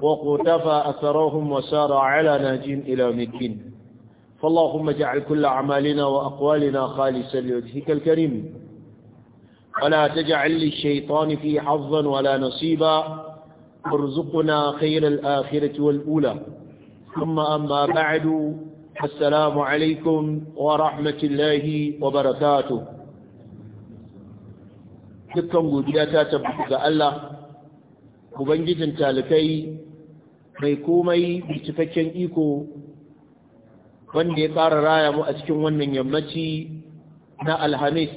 وقتفى أثرهم وسار على ناجين إلى مدين فاللهم اجعل كل أعمالنا وأقوالنا خالصا لوجهك الكريم ولا تجعل للشيطان في حظا ولا نصيبا ارزقنا خير الآخرة والأولى ثم أما بعد السلام عليكم ورحمة الله وبركاته dukkan godiya ta tabbata ga Allah ubangijin talikai mai komai da cikakken iko wanda ya ƙara raya mu a cikin wannan yammaci na alhamis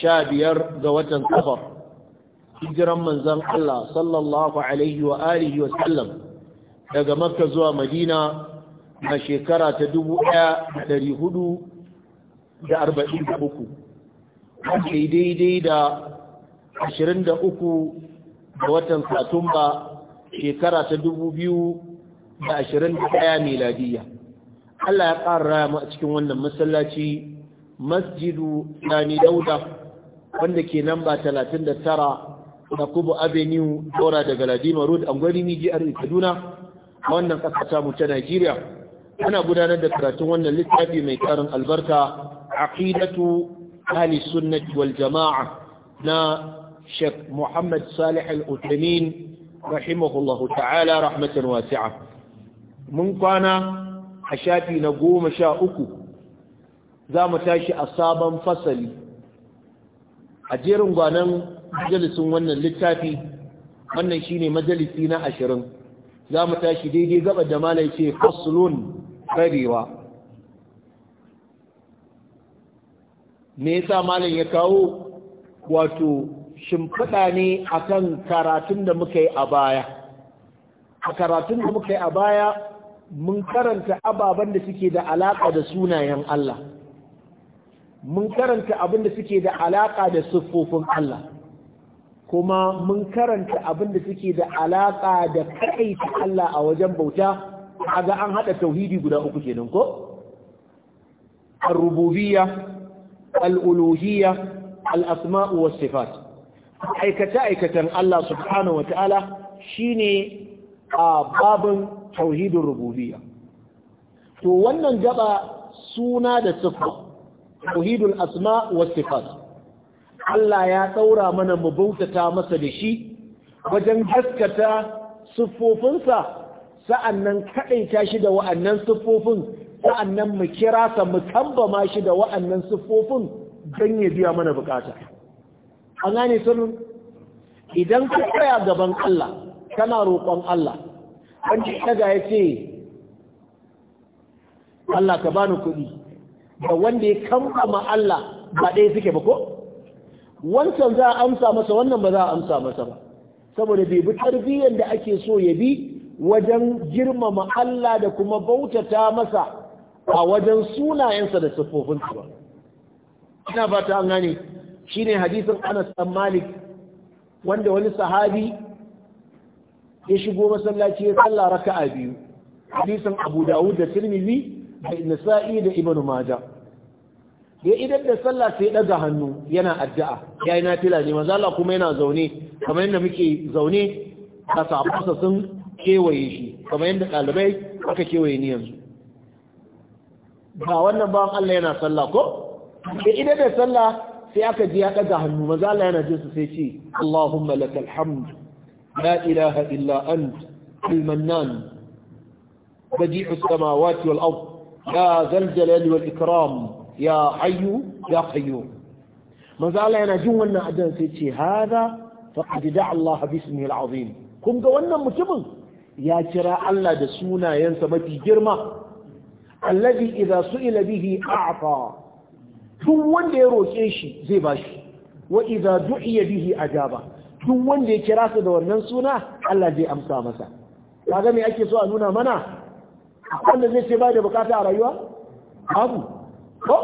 sha biyar ga watan safar hijiran manzan Allah sallallahu alaihi wa alihi wa sallam daga makka zuwa madina na shekara ta dubu ɗaya da hudu da arba'in da uku daidai da ashirin da uku ga watan satumba shekara ta dubu biyu da ashirin da ɗaya miladiya Allah ya ƙara raya mu a cikin wannan masallaci masjidu Sani Dauda wanda ke nan ba talatin da tara da Kubu Avenue Dora daga Ladima Road Angwari Miji Arewa Kaduna a wannan ƙasa ta mu ta Najeriya ana gudanar da karatun wannan littafi mai karin albarka aqidatu ahli sunnati wal jama'a na Sheikh Muhammad Salih Al-Uthaymeen rahimahullahu ta'ala rahmatan wasi'a mun kwana a shafi na goma sha uku za mu tashi a sabon fasali a jerin gwanan majalisun wannan littafi wannan shine majalisi na ashirin za mu tashi daidai gaba da malai ce faslun karewa me yasa malam ya kawo wato shimfiɗa ne a kan karatun da muka yi a baya a karatun da muka yi a baya mun karanta ababen da suke da alaƙa da sunayen Allah mun karanta abin da suke da alaƙa da siffofin Allah kuma mun karanta abin da suke da alaƙa da ta Allah a wajen bauta ga an haɗa tauhidi guda uku kenan ko al-rububiyya al-uluhiyya al-asma'u was-sifat aikace-aikatan Allah subhanahu wa ta'ala shi ne a babin tauhidin rububiya to wannan gaba suna da siffa tauhidul asma wa sifat Allah ya tsaura mana mu bautata masa da shi wajen haskata siffofinsa sa'annan kaɗaita shi da wa'annan siffofin sa'annan mu kira sa mu tambama shi da wa'annan siffofin don ya biya mana bukata an ne idan ka tsaya gaban Allah kana roƙon Allah wanda daga ya ce Allah ka bani kuɗi da wanda ya kamfama Allah ba ɗaya suke ba ko wancan za a amsa masa wannan ba za a amsa masa ba saboda bai bi tarbiyyar da ake so ya bi wajen girmama Allah da kuma bautata masa a wajen sunayensa da siffofinsa ba ina fata an gane shine hadisin Anas dan Malik wanda wani sahabi ya shigo masallaci ya salla raka'a biyu hadisin Abu Dawud da Tirmidhi da Nasa'i da Ibn Majah ya idan da sallah sai daga hannu yana addu'a na nafila ne manzo Allah kuma yana zaune kamar yadda muke zaune ka sabusa sun kewaye shi kamar yadda ɗalibai aka kewaye ni yanzu ba wannan ba Allah yana sallah ko ya idan da sallah sai aka ji ya ɗaga hannu maza la yana jinsu sai ce Allahumma lakal hamd la ilaha illa ant al-mannan badi'u samawati wal ard ya zal jalali wal ikram ya hayyu ya qayyum maza la yana jin wannan addu'a sai ce hada faqad da'a Allah bismihi al-azim kun ga wannan mutumin ya kira Allah da sunayensa mafi girma alladhi su su'ila bihi a'ta Tun wanda ya roƙe shi zai ba shi wa iza du'iya bihi ajaba tun wanda ya kira su da wannan suna Allah zai amsa masa kaga me ake so a nuna mana wanda zai ce ba da bukata a rayuwa abu ko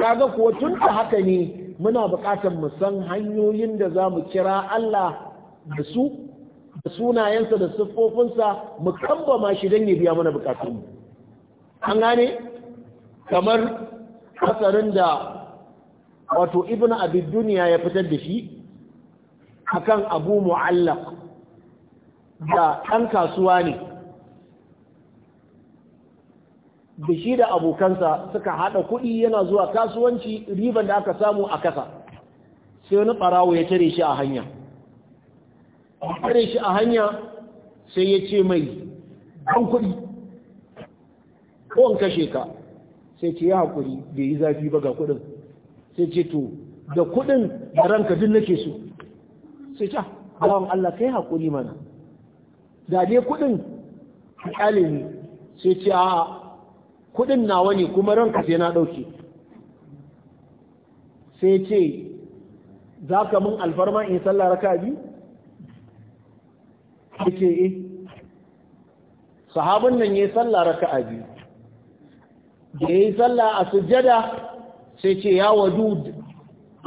kaga ko tun da haka ne muna bukatar mu san hanyoyin da za mu kira Allah da su da sunayensa da siffofinsa mu ma shi dan ya biya mana bukatunmu an gane kamar asarin da wato ibn abid duniya ya fitar da shi akan abu mu'allaq da ɗan kasuwa ne da shi da abokansa suka haɗa kuɗi yana zuwa kasuwanci riban da aka samu a kasa sai wani ɓarawo ya tare shi a hanya tare shi a hanya sai ya ce mai ɗan kuɗi ko in kashe ka sai ce ya haƙuri bai yi zafi ba ga kuɗin sai ce to da kuɗin da ranka duk nake so sai ce ah, bawan Allah kai haƙuri mana da dai kuɗin a ƙyale ne sai ce a kuɗin nawa ne kuma ranka sai na ɗauke sai ce za ka min alfarma in sallah raka bi? sai ce eh sahabin nan ya yi sallah raka biyu da ya yi sallah a sujjada sai ce ya wadud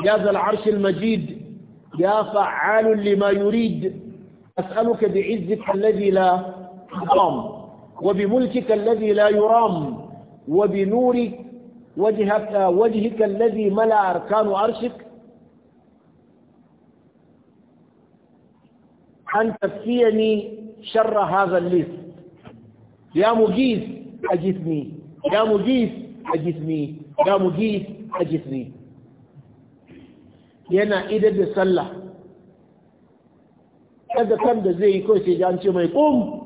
ya zal arshil majid ya fa'alun lima yurid as'aluka bi izzika alladhi la tuqam wa bi mulkika alladhi la yuram wa bi nuri wajhaka wajhika alladhi mala arkanu arshik an tafiyani sharra hadha al-list ya mughith ajithni ya mujis a ya a gizmi. yana idar da sallah kada kan da zai yi kawai sai an ce mai kum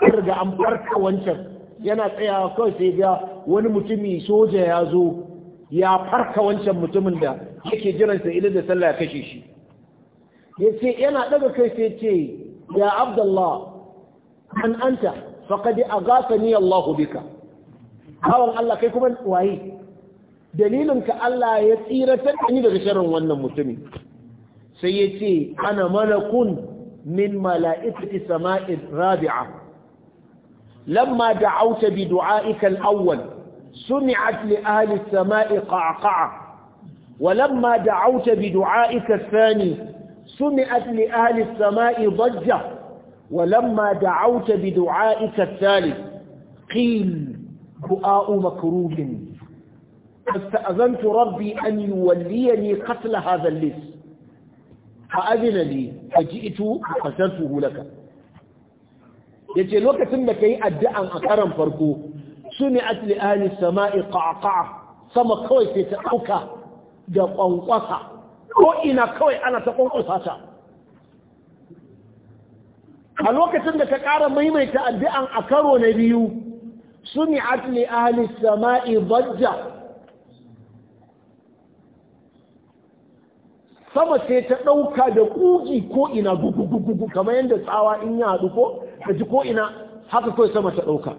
kar da an farka wancan yana tsayawa kawai sai ga wani mutumi soja ya zo ya farka wancan mutumin da yake jiransa idar da sallah ya kashe shi ya ce yana ɗaga kai sai ce ya abdallah an anta faqad aghasani Allah bika hawan Allah kai kuma waye dalilin ka Allah ya tsira da ni daga sharrin wannan mutumi sai yace ana malakun min mala'ikati sama'i rabi'a lamma da'awta bi du'aika al-awwal سمعت لأهل bi قعقعة ولما دعوت بدعائك الثاني سمعت لأهل السماء ضجة ولما دعوت بدعائك الثالث قيل دعاء مكروه فاستأذنت ربي أن يوليني قتل هذا اللس فأذن لي فجئت وقتلته لك يتلوك سمك يأدعا أكرم فرقو سمعت لآل السماء قعقع سمكوي ستأوك دقوا وصع كوي أنا تقوم a lokacin da ka ƙara maimaita addu'an a karo na biyu suni atli ahli sama'i bajja sama sai ta ɗauka da ƙugi ko ina gugugugugu kamar yadda tsawa in ya haɗu ko ka ji ko ina haka kawai sama ta ɗauka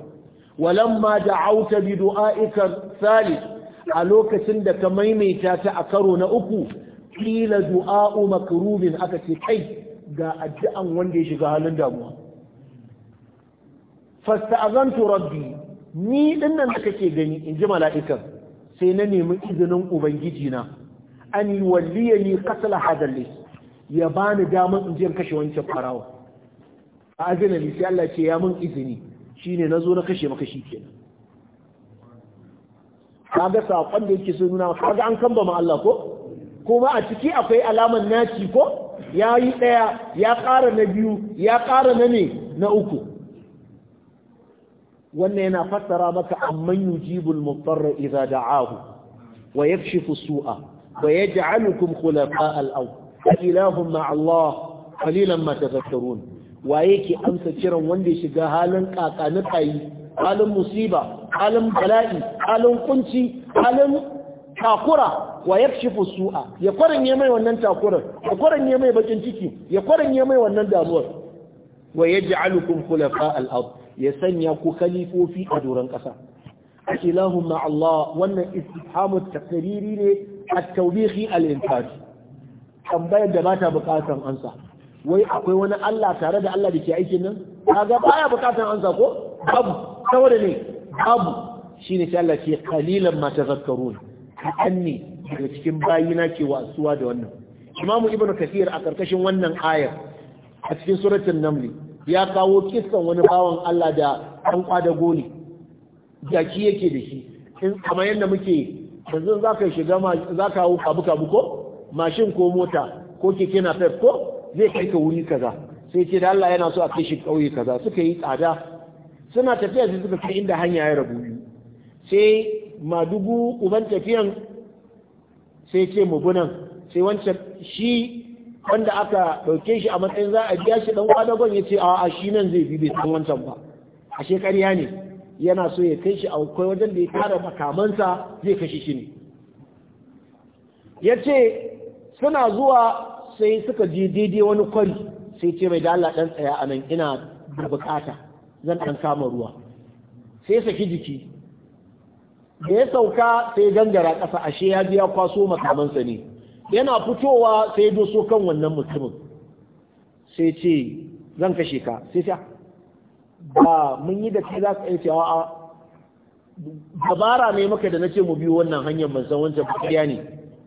walamma da auta bi du'a'ika salis a lokacin da ka maimaita ta a karo na uku kila du'a'u makrubin aka ce kai ga addu'an wanda ya shiga halin damuwa fasta'azantu rabbi ni nan da kake gani in ji mala'ikan sai na nemi izinin ubangiji na an yi walliya ni qatl hadalli ya bani damar in je kashe wancan farawa a azina li sai Allah ce ya mun izini shine ne na kashe maka shikenan kaga sakon da yake so nuna kaga an kamba ma Allah ko kuma a ciki akwai alaman naci ko ya yi ɗaya ya ƙara na biyu ya ƙara na ne na uku wannan yana fassara maka amman yujibul mutarra idza da'ahu wa yakshifu su'a wa yaj'alukum khulafa al-ard ilahum ma'a Allah qalilan ma tadhakkarun wa yake amsa kiran wanda ya shiga halin na kai halin musiba halin bala'i halin kunci halin takura wa shifu su'a ya kwaranye mai wannan takurar ya kwaranye mai bakin ciki ya kwaranye mai wannan damuwar wa yaj'alukum khulafa al-ard ya sanya ku kalifofi a doron kasa ilahumma Allah wannan ta kariri ne a taubihi al tambayar da ta bukatan ansa wai akwai wani Allah tare da Allah da ke aikin nan kaga baya bukatar ansa ko babu saboda ne babu shine sai Allah ce qalilan ma tazakkarun anni daga cikin bayina ke wasuwa da wannan imamu ibnu kathir a karkashin wannan ayar a cikin suratul naml ya kawo kissan wani bawan Allah da an kwada goli jaki yake da shi in kamar yadda muke yanzu zaka shiga za ka hau kabu kabu ko mashin ko mota ko keke na fef ko zai kai ka wuri kaza sai ce da Allah yana so a kai shi kauye kaza suka yi tsada suna tafiya su suka kai inda hanya ya rabu sai madugu uban tafiyan sai ce mu bunan sai wancan shi wanda aka dauke shi a matsayin za a biya shi dan kwadagon ya ce a a shi nan zai bi bai san wancan ba a shekarya ne yana so ya kai shi a kai wajen da ya tara makamansa zai kashe shi ne ya ce suna zuwa sai suka je daidai wani kwari sai ce mai dala Allah ɗan tsaya a nan ina da bukata zan ɗan kama ruwa sai saki jiki da ya sauka sai gangara ƙasa ashe ya ji biya kwaso makamansa ne yana fitowa sai doso kan wannan mutumin sai ce zan kashe ka sai ta ba mun yi da ke za ka cewa a dabara ne maka da na ce mu biyo wannan hanyar ban san wancan bakiya ne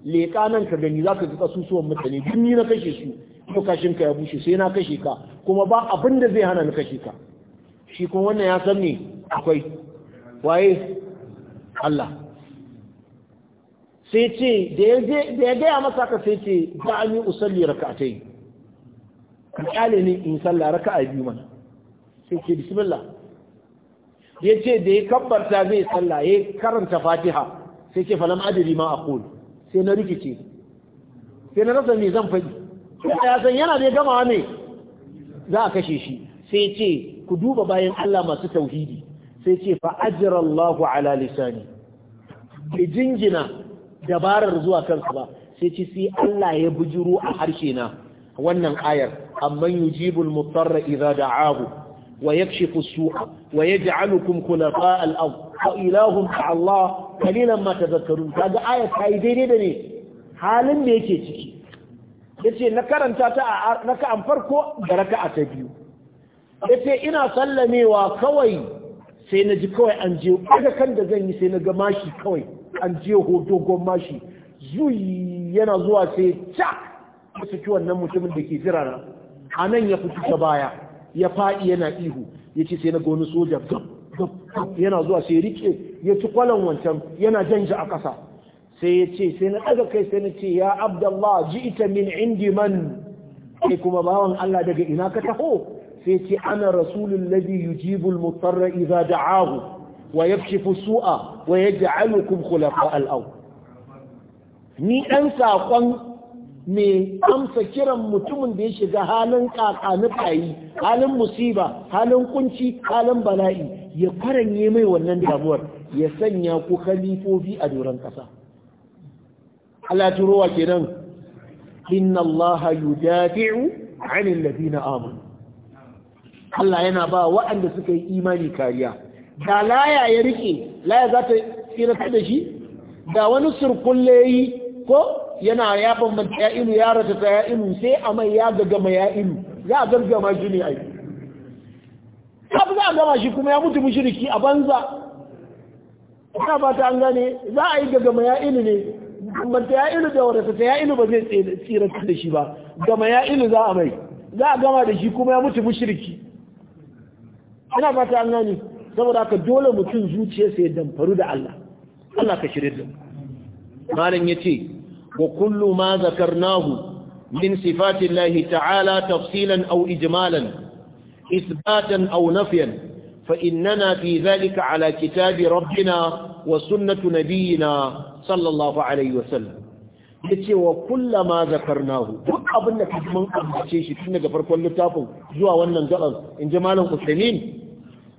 leƙa nan ka gani za ka ga kasusuwan mutane duk ni na kashe su ko kashin ka ya bushe sai na kashe ka kuma ba abin da zai hana na kashe ka shi kuma wannan ya san ne akwai waye Allah sai ce da ya gaya masa ka sai ce ba a yi usalli raka'atai ka kyale ne in salla raka a biyu mana sai ce bismillah ya ce da ya kabbarta zai sallah ya karanta fatiha sai ce falam adiri ma aqul sai na rikice sai na rasa me zan faɗi ya san yana da gamawa ne za a kashe shi sai ce ku duba bayan Allah masu tauhidi sai ce fa ajira ala lisani Bai jingina dabarar zuwa kansu ba sai ce sai Allah ya bujuru a harshe na wannan ayar amma yujibul mutarra idza da'ahu wa yakshifu as-su'a wa yaj'alukum khulafa al-ard fa ilahum Allah kalilan ma tadhakkarun kaga ayar ta yi daidai da ne halin da yake ciki yace na karanta ta a raka'an farko da raka'a ta biyu yace ina sallamewa kawai sai na ji kawai an je kaga kan da zan yi sai na ga mashi kawai an je ho dogon mashi zuyi yana zuwa sai ta ya saki wannan mutumin da ke jira na a nan ya fito ta baya ya faɗi yana ihu ya sai na ga wani soja yana zuwa sai rike ya ci kwalan wancan yana janja a ƙasa sai ya ce sai na ɗaga kai sai na ce ya abdallah ji min indi man kai kuma bawan allah daga ina ka taho sai ce ana rasulun ladhi yujibu al-mutarra da da'ahu wa yakshifu su'a wa yaj'alukum khulafa al-ard ni ɗan saƙon mai amsa kiran mutumin da ya shiga halin kakani fayi halin musiba halin kunci halin bala'i ya faranye mai wannan damuwar ya sanya ku khalifofi a doron ƙasa alaturowa turowa kenan inna Allah yudafi'u 'anil ladina amanu Allah yana ba waɗanda suka yi imani kariya da laya ya rike laya za ta tsirata da shi da wani surkulle yi ko yana ya bambanta ya inu ya rata ta ya inu sai a mai ya gagama ya inu za a gargama shi ne ai kafin za a gama shi kuma ya mutu mushriki a banza ta ba ta an gane za a yi gagama ya inu ne bambanta ya inu da wadata ta ya inu ba zai tsirata da shi ba gama ya inu za a mai za a gama da shi kuma ya mutu mushriki ina fata an gani saboda haka dole mutum zuciyarsa ya damfaru da Allah Allah ka shirye da malam yace wa kullu ma zakarnahu min sifati Allah ta'ala tafsilan aw ijmalan isbatan aw nafyan fa innana fi dhalika ala kitabi rabbina wa sunnati nabiyyina sallallahu alaihi wasallam yace wa kullama zakarnahu duk abin da kuma ambace shi tun daga farkon littafin zuwa wannan gaban in ji malam Usaimin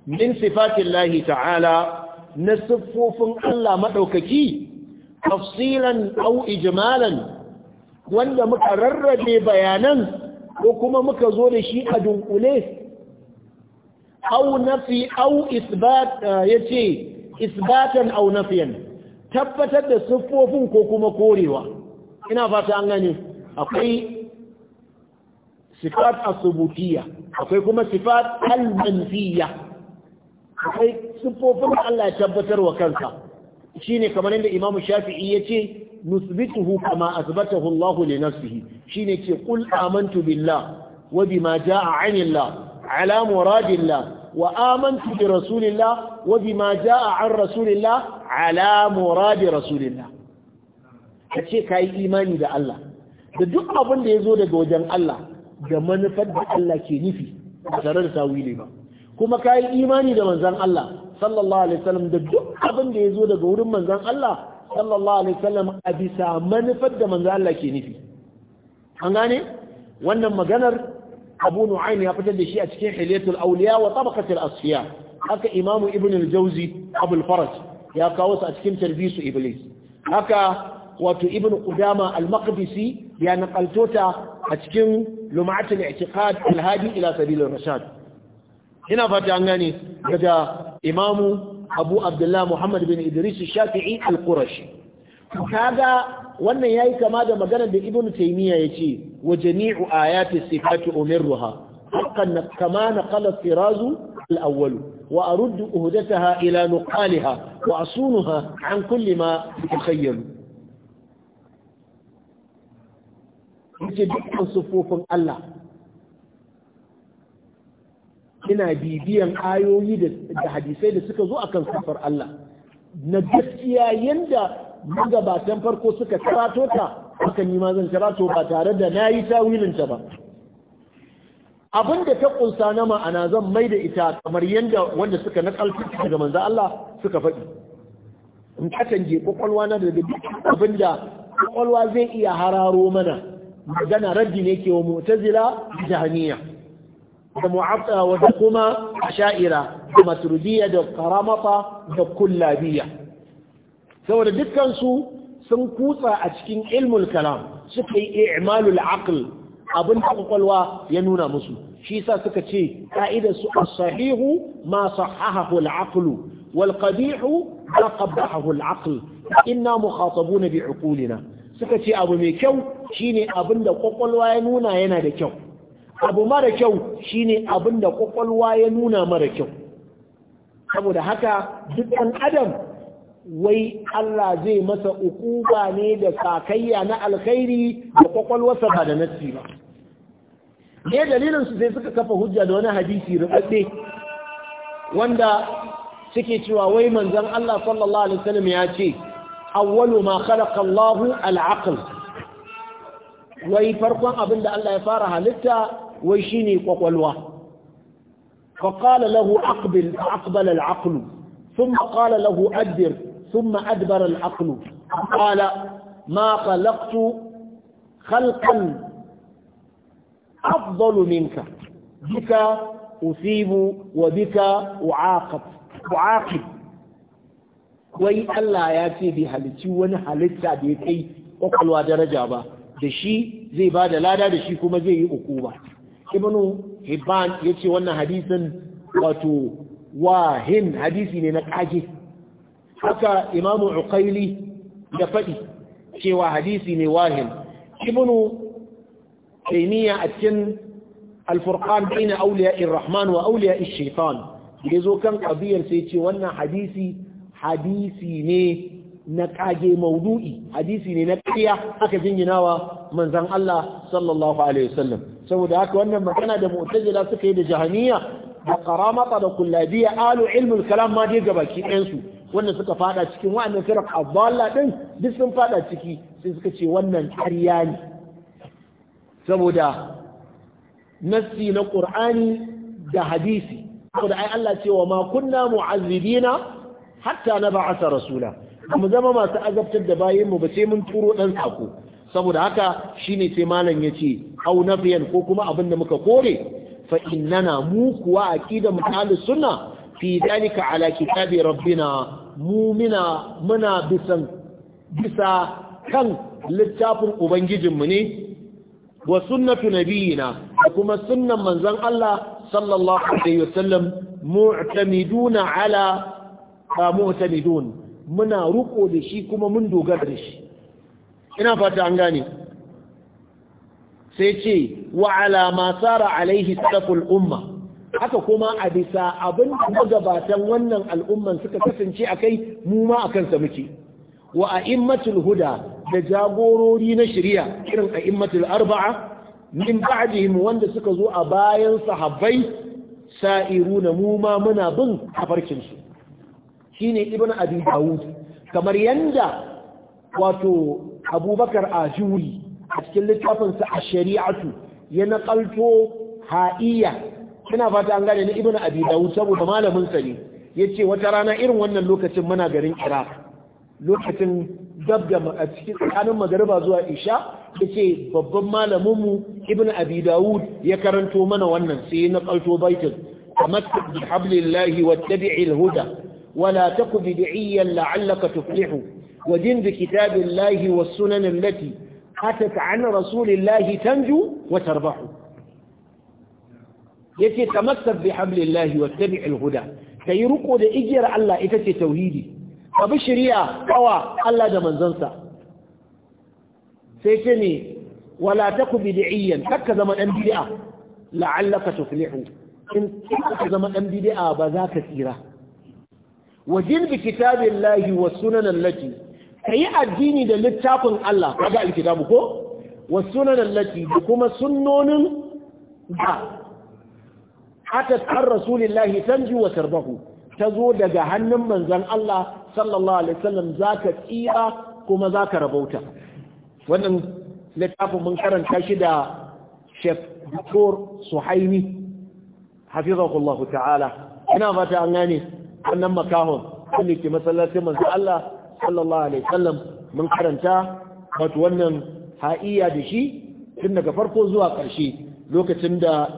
min sifatin lahi ta'ala na siffofin Allah maɗaukaki tafsilan au ijmalan wanda muka rarrabe bayanan ko kuma muka zo da shi a dunkule au nafi au isbat eh, ce isbatan au nafiyan tabbatar da siffofin ko kuma korewa ina fata an gani. akwai sifat asubutiyya akwai kuma sifat almanfiyya akwai siffofin da Allah ya tabbatar wa kansa shine kamar yadda Imam Shafi'i yace nusbituhu kama azbatahu Allah li nafsihi shine ce qul amantu billah wa bima jaa 'anillah ala muradillah wa amantu bi rasulillah wa bima jaa 'an rasulillah ala murad rasulillah kace kai imani da Allah da duk abin da yazo daga wajen Allah da manufar da Allah ke nufi ba tare da tawili ba kuma ka yi imani da manzan Allah sallallahu alaihi wasallam da duk abin da ya zo daga wurin manzan Allah sallallahu alaihi wasallam a bisa manufar da manzan Allah ke nufi an gane wannan maganar Abu Nu'aym ya fitar da shi a cikin Hilyatul Awliya wa Tabaqatul Asfiya haka Imam Ibn al-Jawzi Faraj ya kawo su a cikin Tarbisu Iblis haka wato Ibn Qudama al-Maqdisi ya nakaltota a cikin Lum'atul I'tiqad al-Hadi ila Sabil ar-Rashad ina fata an gane daga imamu abu abdullah muhammad bin idris shafi'i al-qurashi kaga wannan yayi kama da maganar da ibnu taymiya yace wa jami'u ayati sifati umirruha hakan kama naqala firazu al-awwal wa aruddu uhdataha ila nuqaliha wa asunuha an kulli ma tukhayyalu yace dukkan sufufin Allah ina bibiyan ayoyi da hadisai da suka zo akan sifar Allah na gaskiya yanda magabatan farko suka karato ta ni yi mazan karato ba tare da na yi tawilinta ba abin da ta kunsa na ma'ana zan mai da ita kamar yadda wanda suka nakalci daga manzo Allah suka faɗi in ka canje kwakwalwa na daga abin da kwakwalwa zai iya hararo mana magana raddi ne ke wa mu'tazila jahaniya da mu'abda da kuma sha'ira da maturidiyya da karamata da kullabiya saboda dukansu sun kutsa a cikin ilmul kalam suka yi i'malul aql abin da kwakwalwa ya nuna musu shi sa suka ce ka'idar su sahihu ma sahahahu al-aql wal qabihu ma qabbahahu al-aql inna mukhatabuna bi'uqulina suka ce abu mai kyau shine abin da kwakwalwa ya nuna yana da kyau abu mara kyau shine abin da kwakwalwa ya nuna mara kyau saboda haka duk ɗan adam wai Allah zai masa ukuba ne da kakayya na alkhairi da kwakwalwarsa ba da nassi ba ne dalilinsu sai suka kafa hujja da wani hadisi rubabbe wanda suke cewa wai manzon Allah sallallahu alaihi wasallam ya ce awwalu ma khalaqa Kallahu al-aql wai farkon abin da Allah ya fara halitta wai shine kwakwalwa fa qala lahu aqbil aqbala al-aql thumma qala lahu adbir thumma adbara al-aql qala ma qalaqtu khalqan afdalu bika usibu wa bika uaqab wai Allah ya ce bi halici wani halitta da kai ƙwaƙwalwa daraja ba da shi zai ba da lada da shi kuma zai yi ukuba ibnu hibban ya ce wannan hadisin wato wahin hadisi ne na kage haka imam uqaili da faɗi cewa hadisi ne wahin ibnu taymiya a cikin alfurqan bayna awliya'ir rahman wa awliya'ish shaitan yazo kan qabiyar sai ce wannan hadisi hadisi ne na kage maudu'i hadisi ne na kariya aka jinginawa manzon Allah sallallahu alaihi wasallam saboda haka wannan magana da mu'tazila suka yi da jahaniya da karamata da kullabiya alu ilmul kalam ma dai gabaki ɗayan su wannan suka fada cikin wa'annan firq adalla din duk sun fada ciki sai suka ce wannan kariya ne saboda nassi na qur'ani da hadisi saboda ai Allah cewa ma kunna mu'azzibina hatta nab'atha rasula ba mu zama masu azabtar da bayan mu ba sai mun turo dan sako saboda haka shine sai malam yace au nafiyan ko kuma abin da muka kore fa innana mu kuwa aqida mutalus sunna fi dalika ala kitabi rabbina mu muna bisan bisa kan littafin ubangijinmu ne wa sunnatu nabiyina da kuma sunnan manzon Allah sallallahu alaihi wasallam mu'tamiduna ala mu'tamidun muna ruko da shi kuma mun dogara da shi ina fata an gane sai ce wa ala ma sara alaihi salaful umma haka kuma a bisa abin da gabatan wannan al'umman suka kasance a kai mu ma akan sa muke wa a'immatul huda da jagorori na shirya irin a'immatul arba'a min ba'dihim wanda suka zo a bayan sahabbai sa'iruna mu ma muna bin tafarkin su shine ibn abi dawud kamar yanda wato abubakar ajuri a cikin littafinsa a shari'atu ya naƙalto ha'iya ina fata an gane na ibn abi dawud saboda malaminsa ne. ne yace wata rana irin wannan lokacin muna garin iraq lokacin dab da a cikin tsakanin magariba zuwa isha yace babban malamin mu ibn abi dawud ya karanto mana wannan sai ya naƙalto baitin tamatta bi hablillahi wattabi'il huda ولا تك بدعيا لعلك تفلح ودن بكتاب الله والسنن التي أتت عن رسول الله تنجو وتربح يتي تمسك بحبل الله واتبع الهدى سيرقوا لإجر الله إتتي توهيدي فبشريا قوى الله دمن زنسا سيتني ولا تك بدعيا تك زمن أنبياء لعلك تفلح إن تك زمن أنبياء بذاك سيره kitabin lahi wa was sunan ka kayi addini da littafin Allah kaga alkitabu ko was sunan da kuma sunnonin da hatta tar san tanju wa tarbahu tazo daga hannun manzon Allah sallallahu alaihi wasallam zaka tsira kuma zaka rabauta wannan littafin mun karanta shi da Sheikh Dr. Suhaimi hafizahullahu ta'ala ina fata an gane wannan makahon wanda ke masallacin manzo Allah sallallahu alaihi wasallam mun karanta wato wannan ha'iya da shi tun daga farko zuwa ƙarshe lokacin da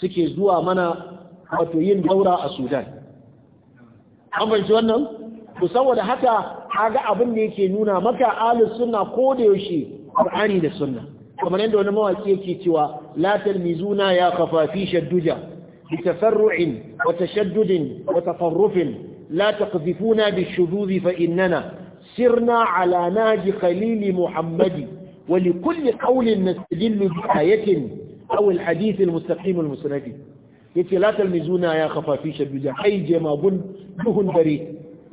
suke zuwa mana wato yin daura a Sudan an fahimci wannan ku saboda haka haga abin da yake nuna maka alis suna ko da yaushe da sunna kamar yadda wani mawaki yake cewa latar mizuna ya kafafi shadduja بتسرع وتشدد وتطرف لا تقذفونا بالشذوذ فإننا سرنا على ناج خليل محمد ولكل قول نستدل بآية أو الحديث المستقيم المسند يتي لا تلمزونا يا خفافيش البجحي جمابون دهن بريد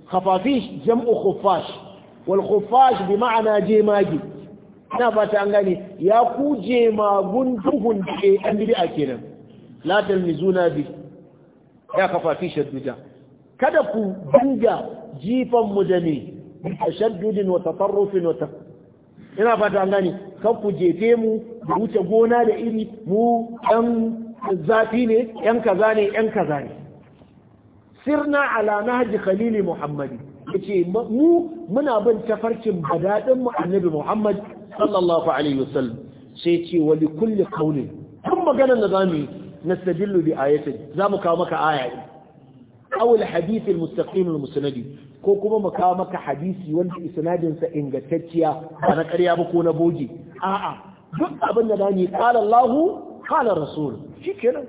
خفافيش جمع خفاش والخفاش بمعنى جماجي أنا فاتأنغاني يا كو جمابون دهن بريد أنبي أكينا la talmizuna bi ya kafa fi shadduda kada ku dinga jifan mu da ne tashaddudin wa tatarrufin wa ina fata an gane kan ku jefe mu da wuce gona da iri mu ɗan zafi ne ɗan kaza ne ɗan kaza ne sirna ala nahji Khalil Muhammad, yace mu muna bin tafarkin badadin mu annabi muhammad sallallahu alaihi wasallam sai ce wa li kulli qawlin kun magana da zamu nastadillu bi ayatin za mu kawo maka aya ne aw al ko kuma mu kawo maka hadisi wanda isnadinsa ingantacciya ba na ƙarya ba ko na bogi a'a duk abin da dani qala allahu qala rasul shikenan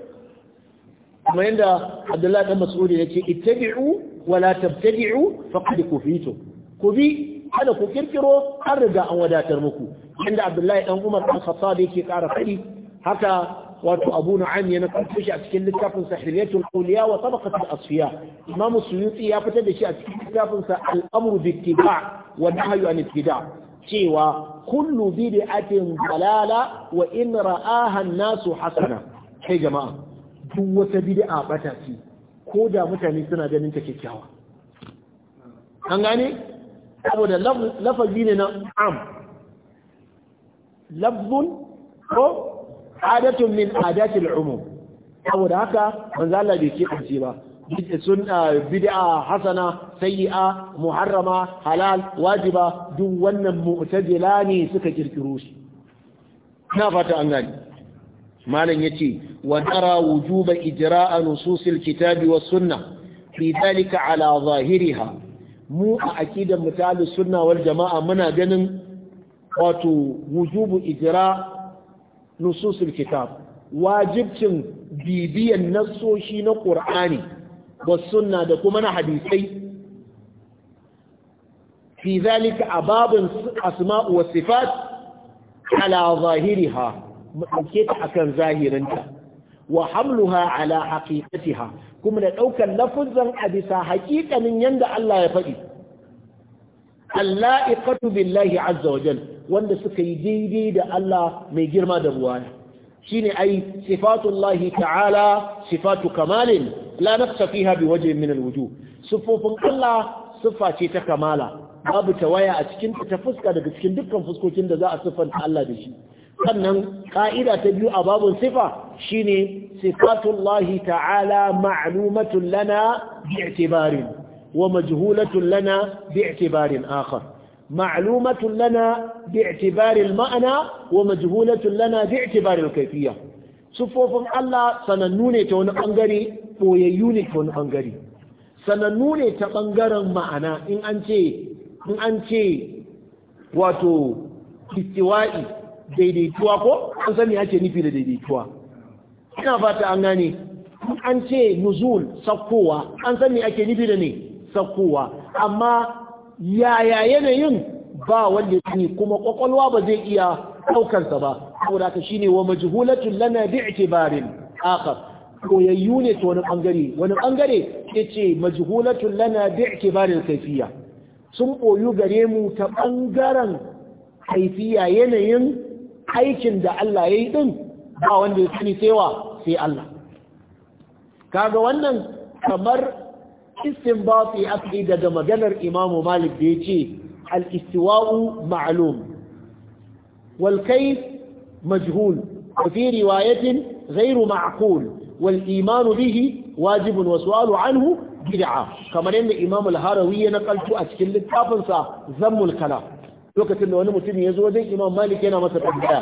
kuma yanda Abdullahi dan Mas'ud yace ittabi'u wa la tabtadi'u faqad kufitu ku bi hada ku kirkiro an riga an wadatar muku inda Abdullahi dan Umar dan Khattab yake ƙara faɗi haka wato abu nu'am ya nakalto shi a cikin littafin sa awliya wa tabaqatul asfiya imam suyuti ya fitar da shi a cikin littafin sa al-amru bi ittiba wa nahyu an ittida cewa kullu bid'atin dalala wa in ra'aha an-nasu hasana kai jama'a duk wata bid'a bata ce ko da mutane suna ganin ta kyakkyawa an gane saboda lafazi ne na am lafzun ko adatun min adatil umum saboda haka manzo Allah bai kebance ba sunna bid'a hasana sayyi'a muharrama halal wajiba duk wannan mu'tazila ne suka kirkiro shi Ina fata an gani malam yace wa tara wujuba ijra'a nususil kitabi was sunna fi dhalika ala zahiriha mu a aƙidan mutalis sunna wal jama'a muna ganin wato wujubu ijra' Nususun kitab wajibcin bibiyan nasoshi na Ƙur'ani, ba sunna da kuma na hadisai fi zalika ababun asma'u was sifat ala zahiriha muke ta akan zahirinta wa hamluha ala haqiqatiha kuma da ɗaukar lafuzan a bisa haƙiƙanin yanda Allah ya faɗi alla'iqatu billahi azza wanda suka yi daidai da Allah mai girma da buwaya shine ai sifatullahi ta'ala sifatu kamalin la safiha bi waje minan wuju sifofin Allah siffa ce ta kamala babu waya a cikin ta fuska daga cikin dukkan fuskokin da za a siffanta Allah da shi sannan ka'ida ta biyu a babun sifa shine sifatullahi ta'ala ma'lumatun lana bi'tibarin ومجهولة لنا باعتبار آخر معلومة لنا باعتبار المعنى ومجهولة لنا باعتبار الكيفية صفوف الله سننوني تون أنجري وييوني تون أنجري سننوني تقنجر معنى إن أنت إن أنت واتو استوائي daidaituwa ko an sani ake nufi da daidaituwa ina fata an gane an ce nuzul sakkowa an sani ake nufi da ne sakowa amma yaya yanayin ba wanda ne kuma kwakwalwa ba zai iya ɗaukarsa ba saboda ka ne wa majhulatun lana itibarin akhar koyayyu ne ta wani bangare wani bangare yace majhulatun lana itibarin kaifiya. sun koyu gare mu ta ɓangaren kaifiya yanayin aikin da Allah yayi din ba wanda ya sani sai wa sai Allah kaga wannan kamar istinbati asli daga maganar Imam Malik da yace al-istiwa'u ma'lum wal kayf majhul wa fi riwayatin ghayru ma'qul wal iman bihi wajib wa su'alu anhu bid'a kamar yadda Imam al-Harawi ya nakalto a cikin littafinsa Zammul Kalam lokacin da wani mutum ya zo wajen Imam Malik yana masa tambaya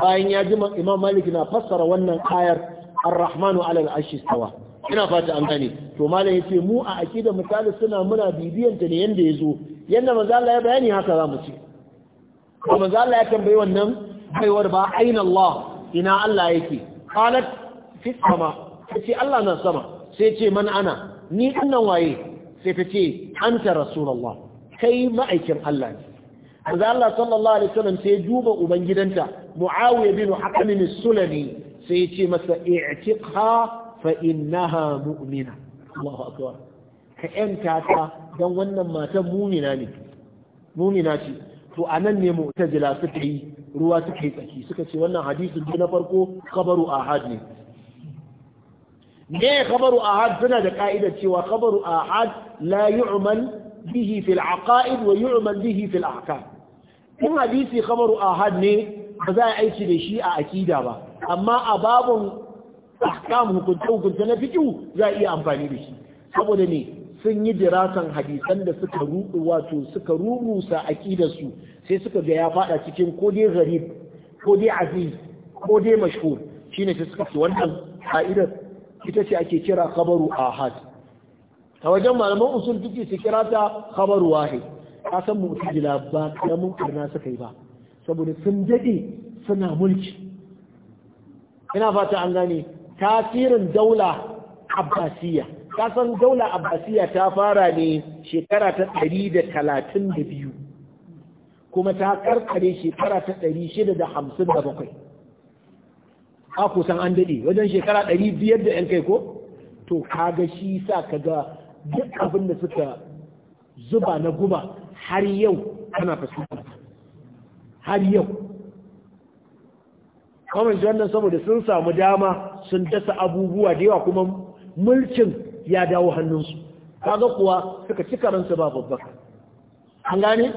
bayan ya ji Imam Malik na fassara wannan ayar Ar-Rahmanu 'ala al ina fata an gane to malam yace mu a aqida misali suna muna bibiyan ta ne yanda yazo yanda manzo Allah ya bayani haka za mu ce kuma manzo Allah ya tambayi wannan baiwar ba aina Allah ina Allah yake qalat fi sama tace Allah na sama sai ce man ana ni annan waye sai ta ce anta rasulullah kai ma'aikin Allah ne manzo Allah sallallahu alaihi wasallam sai duba ubangidanta muawiya bin hakim as-sulami sai ya ce masa i'tiqha fa innaha ta dan wannan matan mumina ne mumina ce to anan ne mu'tazila suka yi ruwa suka tsaki suka ce wannan hadisin da farko kabaru ahad ne me khabaru ahad suna da ka'idar cewa kabaru ahad la yu'mal bihi fil aqaid wa yu'mal bihi fil ahkam in hadisi kabaru ahad ne ba za a aiki da shi a akida ba amma a babun ahkam hukunta hukunta na fiqh za iya amfani da shi saboda ne sun yi dirasan hadisan da suka rudu wato suka rurusa aqidar su sai suka ga ya fada cikin ko dai gharib ko dai aziz ko dai mashhur shine sai suka ce wannan ka'idar ita ce ake kira khabaru ahad ta wajen malaman usul fiqh su kira ta khabaru wahid ka san jila ba karamin karna suka yi ba saboda sun dade suna mulki ina fata an gane tasirin daula abbasiya kasan daula abbasiya ta fara ne shekara ta 132 kuma ta karkare shekara ta 657 a kusan an dade wajen shekara 500 da yan kai ko to kaga shi sa kaga duk abin da suka zuba na guba har yau ana fuskanta har yau kamar jannan saboda sun samu dama sun dasa abubuwa da yawa kuma mulkin ya dawo hannunsu kaga kuwa suka ci karansu ba babba an gane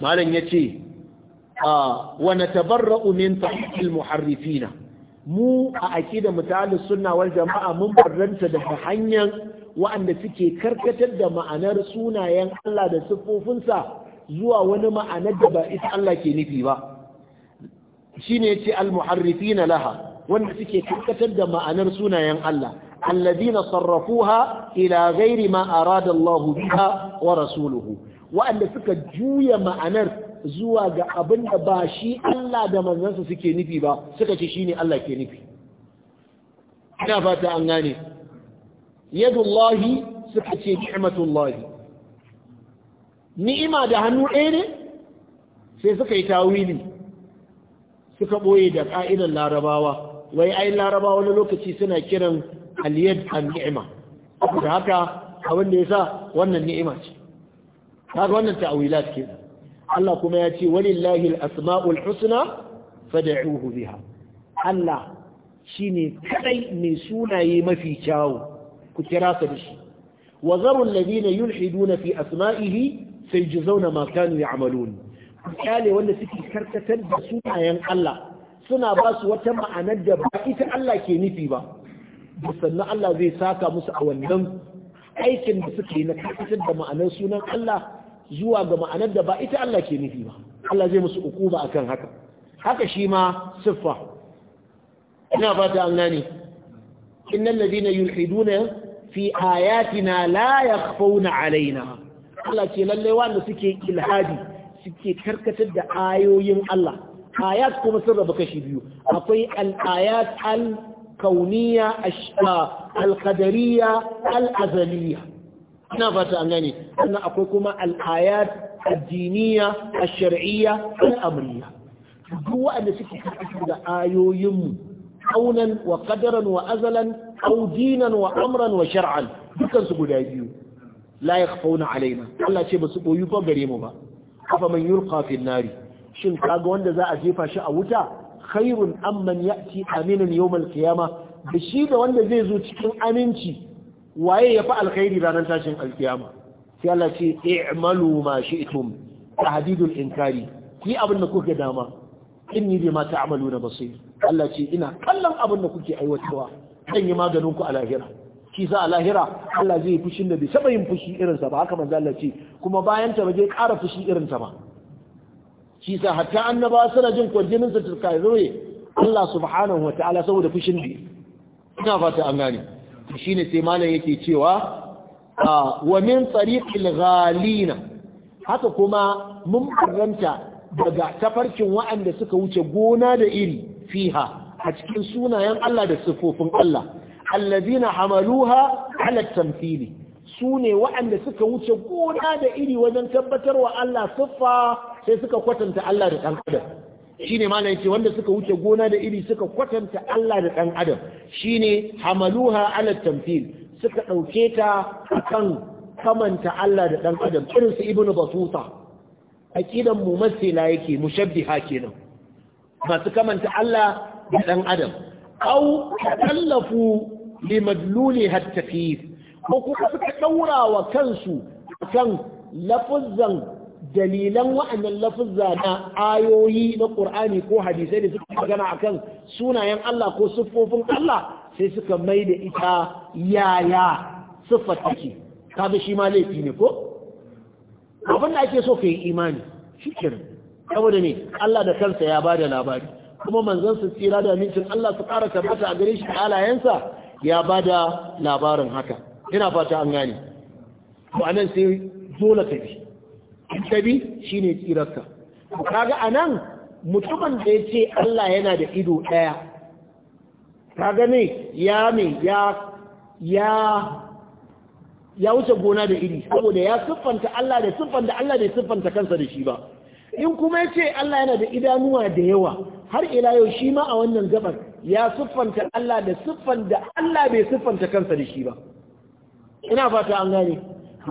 malam yace a wa natabarra'u min tahqil muharrifina mu a akida mutalis suna wal jama'a mun barranta da hanyar wa'anda suke karkatar da ma'anar sunayen Allah da siffofinsa zuwa wani ma'anar da ba ita Allah ke nufi ba shine yace al muharrifina laha wanda suke tabbatar da ma'anar sunayen Allah alladhina sarrafuha ila ghairi ma arada Allah biha wa rasuluhu Waɗanda suka juya ma'anar zuwa ga abin da ba shi Allah da manzansa suke nufi ba suka ce shine Allah ke nufi ina fata an gane yadullahi suka ce ni'matullahi ni'ima da hannu ɗaya ne sai suka yi tawili suka ɓoye da ƙa'idar larabawa wai ai laraba wani lokaci suna kiran aliyad an ni'ima da haka abin da yasa wannan ni'ima ce kaga wannan ta'awilat ke Allah kuma ya ce walillahi al-asma'ul husna fad'uhu biha Allah shine kadai mai sunaye mafi kyawu ku kira sa da shi wa zaru alladhina yulhiduna fi asma'ihi sayjazawna ma kanu ya'malun kyale wanda suke karkatar da sunayen Allah suna ba su wata ma'anar da ba ita Allah ke nufi ba sannan Allah zai saka musu a wannan aikin da suke na kafitar da ma'anar sunan Allah zuwa ga ma'anar da ba ita Allah ke nufi ba Allah zai musu ukuba akan haka haka shi ma siffa ina fata an gane innal ladina yulhiduna fi ayatina la yakhfawna alaina Allah ce lalle wanda suke ilhadi suke karkatar da ayoyin Allah ayat kuma sun rabu kashi biyu akwai al'ayat al kauniya al-qadariyya al azaliya ina fata an gane sannan akwai kuma al'ayat addiniya al-shar'iyya al-amriyya duk wanda suke karɓi da ayoyinmu kaunan wa qadaran wa azalan aw dinan wa amran wa shar'an dukan su guda biyu la yakhfawna alaina Allah ce ba su boyu ba gare mu ba afa man yulqa fil nari shin kaga wanda za a jefa shi a wuta khairun amman ya'ti aminan yawmal qiyama da shi da wanda zai zo cikin aminci waye ya fi alkhairi ranar tashin alkiyama sai Allah ce i'malu ma shi'tum tahdidul inkari ki abin da kuke dama inni bi ma ta'maluna basir Allah ce ina kallon abin da kuke aiwatarwa zan yi maganin ku a lahira Kisa a lahira Allah zai yi fushin da bai saba yin fushi sa ba haka manzo Allah ce kuma bayan ta ba zai ƙara fushi irinsa ba shi sa hatta annaba suna jin kwarjinin su tukaroye Allah subhanahu wa ta'ala saboda fushin bi ina fata an gane shine sai malam yake cewa wa min tariqil ghalina haka kuma mun karanta daga tafarkin wa'anda suka wuce gona da iri fiha a cikin sunayen Allah da sifofin Allah allazina hamaluha ala tamthili sune wa'anda suka wuce gona da iri wajen tabbatar wa Allah siffa sai suka kwatanta Allah da ɗan adam shine malam yace wanda suka wuce gona da iri suka kwatanta Allah da ɗan adam shine hamaluha ala tamfil suka ɗauke ta akan kamanta Allah da ɗan adam irin su ibnu basuta aqidan mumassila yake mushabbiha kenan masu kamanta Allah da ɗan adam au tallafu madluli hattafiz ko kuma suka ɗaura wa kansu kan lafuzan dalilan wa'annan lafuzza na ayoyi na ƙur'ani ko hadisai da suka magana kan sunayen Allah ko siffofin Allah sai suka mai da ita yaya siffar take kaga shi ma laifi ne ko abin da ake so ka yi imani kama saboda ne Allah da kansa ya ba da labari kuma manzon su tsira da amincin Allah su ƙara tabbata a gare shi halayensa ya ba da labarin haka ina fata an gane to anan sai dole ka bi shi ne shine tsirarka kaga anan mutumin da ya ce Allah yana da ido ɗaya kaga ne ya me ya ya ya wuce gona da iri saboda ya siffanta Allah da siffanta Allah da siffanta kansa da shi ba in kuma yace Allah yana da idanuwa da yawa har ila yau shi ma a wannan gabar ya siffanta Allah da siffan Allah bai siffanta kansa da shi ba ina fata an gane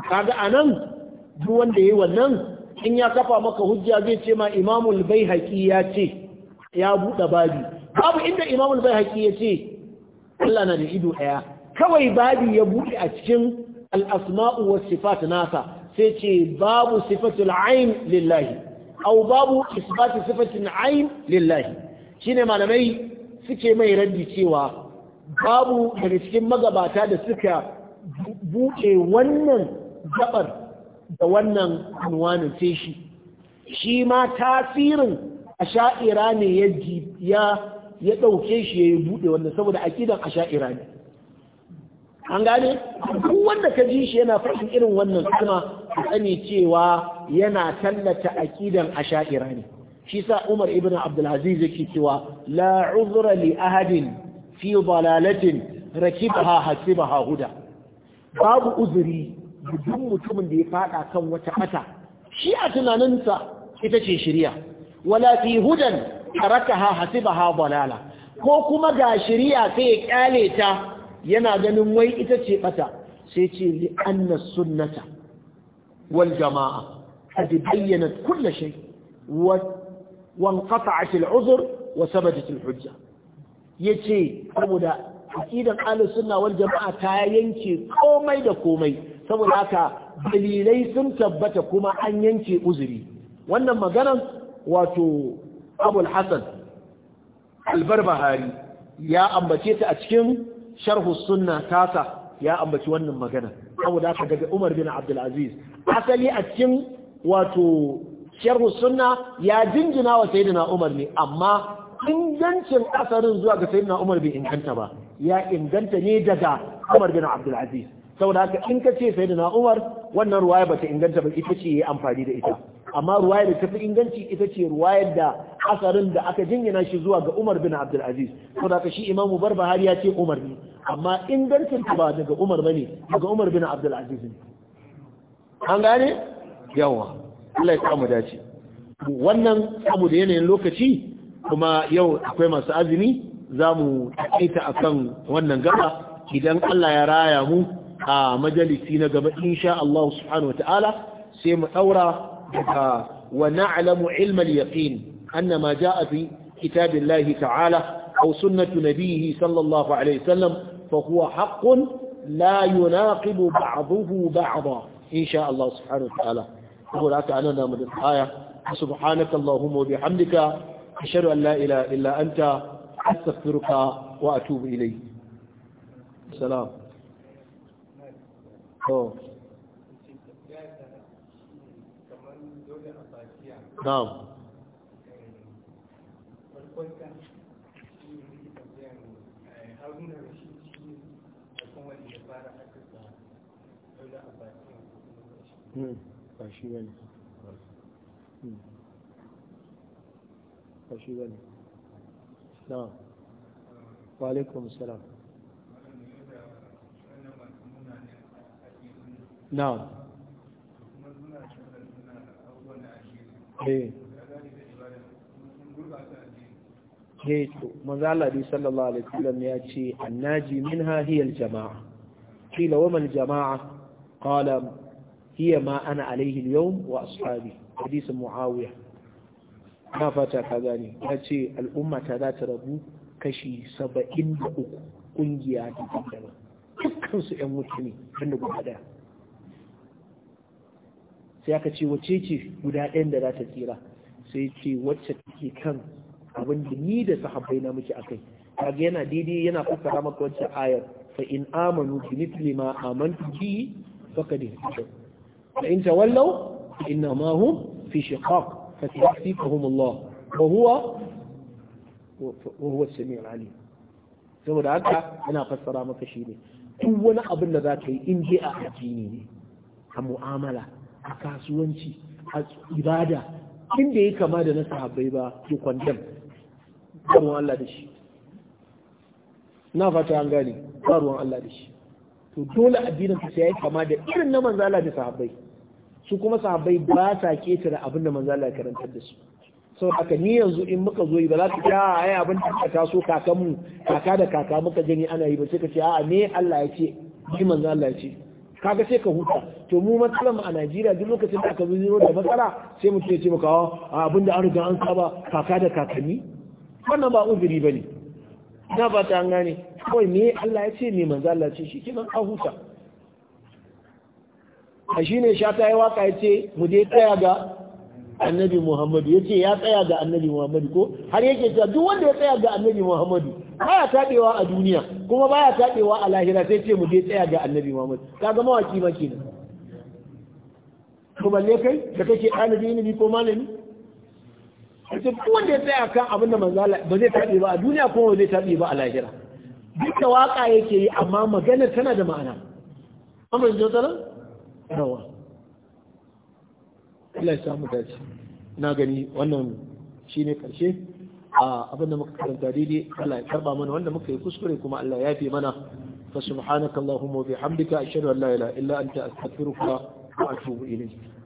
kaga anan duk wanda ya yi wannan in ya kafa maka hujja zai ce ma imamul haƙi ya ce ya buɗe babi babu inda imamul haƙi ya ce Allah na da ido ɗaya kawai babi ya buɗe a cikin al'asma'u wa sifat nasa sai ce babu sifatul ain lillahi aw babu isbatu sifatin ain lillahi shine malamai suke mai raddi cewa babu daga cikin magabata da suka buɗe wannan gabar da wannan unwanin sai shi shi ma tasirin a sha'ira ne ya ya ɗauke shi ya yi buɗe wannan saboda akidan a sha'ira ne an gane duk wanda ka ji shi yana faɗin irin wannan kuma ka sani cewa yana tallata akidan a sha'ira ne shi sa Umar ibn Abdulaziz yake cewa la uzra li ahadin fi dalalatin rakibaha hasibaha huda babu uzuri duk mutumin da ya fada kan wata mata shi a tunaninsa ita ce shirya wala fi hudan tarakaha hasibaha balala ko kuma ga shirya sai ya kyale ta yana ganin wai ita ce bata sai ce li anna sunnata wal jama'a qad bayyana kull shay wa wanqata'at al uzr wa sabatat al hujja yace saboda aqidan ahlus sunna wal jama'a ta yanke komai da komai saboda haka dalilai sun tabbata kuma an yanke uzuri wannan maganan wato abul hasan albarbahari ya ambace ta a cikin sharhu sunna tasa ya ambaci wannan magana saboda haka daga umar bin abdulaziz asali a cikin wato sharhu sunna ya jinjina wa sayyidina umar ne amma ingancin asarin zuwa ga sayyidina umar bai inganta ba ya inganta ne daga umar bin abdulaziz saboda haka in ka ce sayyidina Umar wannan ruwaya bata inganta ba ita ce ya amfani da ita amma ruwaya da tafi inganci ita ce ruwayar da asarin da aka jinyana shi zuwa ga Umar bin Abdul Aziz saboda haka shi Imam Barbahari ya ce Umar ne amma ingancin ba daga Umar bane daga Umar bin Abdul Aziz ne an gane yawa Allah ya samu dace wannan abu da yanayin lokaci kuma yau akwai masu azumi za mu taƙaita akan wannan gaba idan Allah ya raya mu a majalisi na gaba insha Allah subhanahu wataala sai mu daura daga wa na'lamu ilma al-yaqin anna ma jaa fi kitabillahi ta'ala aw sunnati nabiyhi sallallahu alayhi wasallam fa huwa haqqun la yunaqibu ba'dahu ba'da insha Allah subhanahu wataala saboda haka anan da mu da aya subhanaka allahumma wa bihamdika ashhadu an la ilaha illa anta astaghfiruka wa atubu ilayk salam Hmm, hmm. na'am wa alaikum salam na'am eh, eh manzo Allah dai sallallahu alaihi wasallam ya ce annaji minha hiya aljamaa qila wa mal jamaa qala hiya ma ana alaihi alyawm wa ashabi hadith muawiya na fata ka gane ya ce al'umma ta za ta rabu kashi saba'in da uku ƙungiya ta daban dukkan su ƴan mutane wanda guda ɗaya sai aka ce wace ce guda ɗayan da za ta tsira sai ce wacce take kan abin da ni da sahabbai na muke akai kaga yana daidai yana fassara maka wacce ayar fa in amanu bi mithli ma amantu bi faqad fa in tawallaw inna ma hum fi shiqaq fa sayasifuhum Allah wa huwa wa huwa as alim saboda haka yana fassara maka shi ne duk wani abin da za ka yi in je a addini ne a mu'amala a kasuwanci a ibada inda ya kama da na sahabbai ba to kwandam ruwan Allah da shi na fata an gane ba ruwan Allah da shi to dole addinin ka sai kama da irin na manzo Allah da sahabbai su kuma sahabbai ba sa ketare abin da manzo Allah ya karantar da su sau haka ni yanzu in muka zo yi ba za ka ce a ai abin da ka taso kakanmu kaka da kaka muka gani ana yi ba sai ka ce a ne Allah ya ce ni manzo Allah ya ce kaga sai ka huta to mu matsalar mu a Najeriya duk lokacin da aka zo da matsala sai mu ce maka ah, a abin da an riga an saba kaka da kakanni wannan ba uzuri bane na ba ta an gane kawai me Allah ya ce me manzo Allah ce shi kenan an huta a shine shata ya waka ya ce mu dai tsaya ga annabi Muhammadu ya ce ya tsaya ga annabi Muhammadu ko har yake cewa duk wanda ya tsaya ga annabi Muhammadu baya taɓewa a duniya kuma baya taɓewa a lahira sai ce mu je tsaya ga annabi Muhammad kaga mawaki ma ke nan balle kai da kake ɗalibi ne ko malami sai duk wanda ya tsaya kan abin da manzo Allah ba zai taɓe ba a duniya ko ba zai taɓe ba a lahira duk waka yake yi amma maganar tana da ma'ana amma yanzu tsara rawa Allah ya samu dace na gani wannan shine karshe Aa abin da muka karanta daidai Allah ya karba mana wanda muka yi kuskure kuma Allah ya fi mana fa subhanakallahumma wa bihamdika ashhadu an la ilaha illa anta astaghfiruka wa atubu ilayk